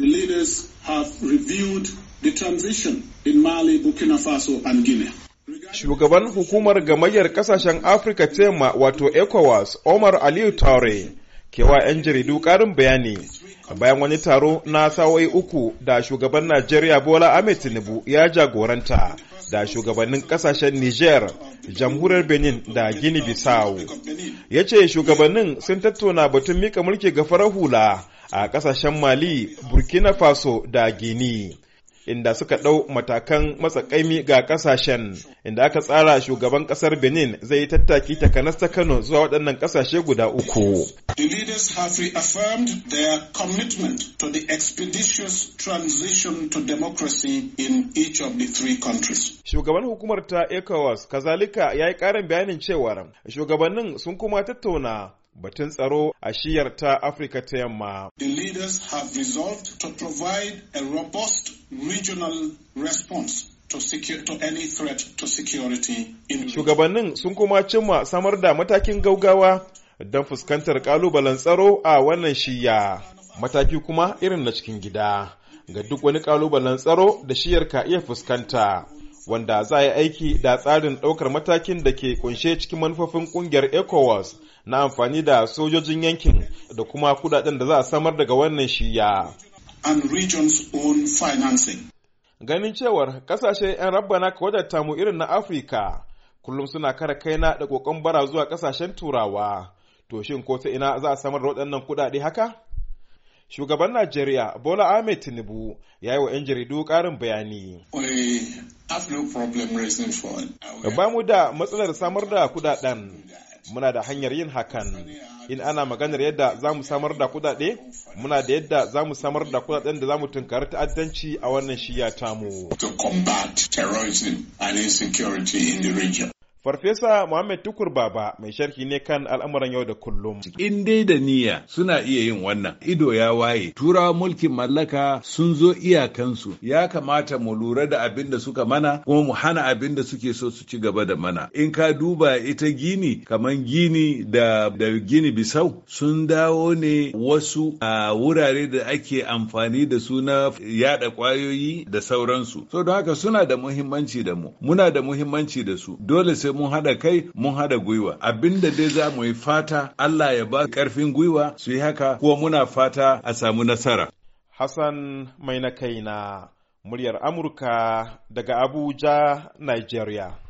the leaders have reviewed the transition in Mali, Burkina Faso and Guinea. Shugaban hukumar gamayyar kasashen Afirka tema wato ECOWAS Omar Aliyu Taure kewa 'yan jaridu karin bayani bayan wani taro na sawai uku da shugaban Najeriya Bola Ahmed Tinubu ya jagoranta da shugabannin kasashen Niger, jamhuriyar Benin da Guinea-Bissau. Ya ce shugabannin sun tattauna batun mika mulki ga farar hula a kasashen mali burkina faso da guinea inda suka ɗau matakan matsakaimi ga ƙasashen inda aka tsara shugaban ƙasar benin zai tattaki takanas ta kano zuwa waɗannan ƙasashe guda uku the leaders have reaffirmed their commitment to the transition to democracy in each three countries shugaban hukumar ta ecowas kazalika ya yi ƙarin bayanin cewar shugabannin sun kuma tattauna batun tsaro a shiyar ta Afirka ta yamma. The leaders have resolved to provide a robust regional response Shugabannin sun kuma cimma samar da matakin gaugawa don fuskantar kalubalen tsaro a wannan shiya. Mataki kuma irin na cikin gida ga duk wani kalubalen tsaro da shiyar ka iya fuskanta. wanda za a yi aiki da tsarin ɗaukar matakin da ke kunshe cikin manufofin ƙungiyar ECOWAS na amfani da sojojin yankin da kuma kudaden da za a samar daga wannan shiya. Ganin cewar kasashe 'yan rabbana ka wadatta mu irin na Afirka kullum suna kare kaina da kokon bara zuwa kasashen turawa. To shin ko ta ina za a samar da waɗannan kuɗaɗe haka? Shugaban Najeriya Bola Ahmed Tinubu ya yi wa 'yan jaridu ƙarin bayani. Ba mu da matsalar samar da kudaden, muna da hanyar yin hakan. In ana maganar yadda za mu samar da kudade, muna da yadda za mu samar da kudaden da za mu tunkari ta'addanci a wannan shiya tamu. To combat terrorism and insecurity in the region. Farfesa Muhammad Tukur Baba mai sharhi ne kan al'amuran yau da kullum. In dai da niyya suna iya yin wannan, ido ya waye, turawa mulkin mallaka sun zo iyakansu, ya kamata mu lura da abin da suka mana kuma mu hana abin da suke so su ci gaba da mana. In ka duba ita gini, kamar gini da, da gini bisau sun dawo ne wasu a wurare da ake amfani da su na yada kwayoyi da sauransu. So don haka suna da muhimmanci da mu, muna da muhimmanci da su, dole sai sai mun haɗa kai mun haɗa gwiwa abinda dai za mu yi fata Allah ya ba ƙarfin gwiwa su yi haka ko muna fata a samu nasara. Hassan mai na kai na muryar Amurka daga Abuja, Nigeria.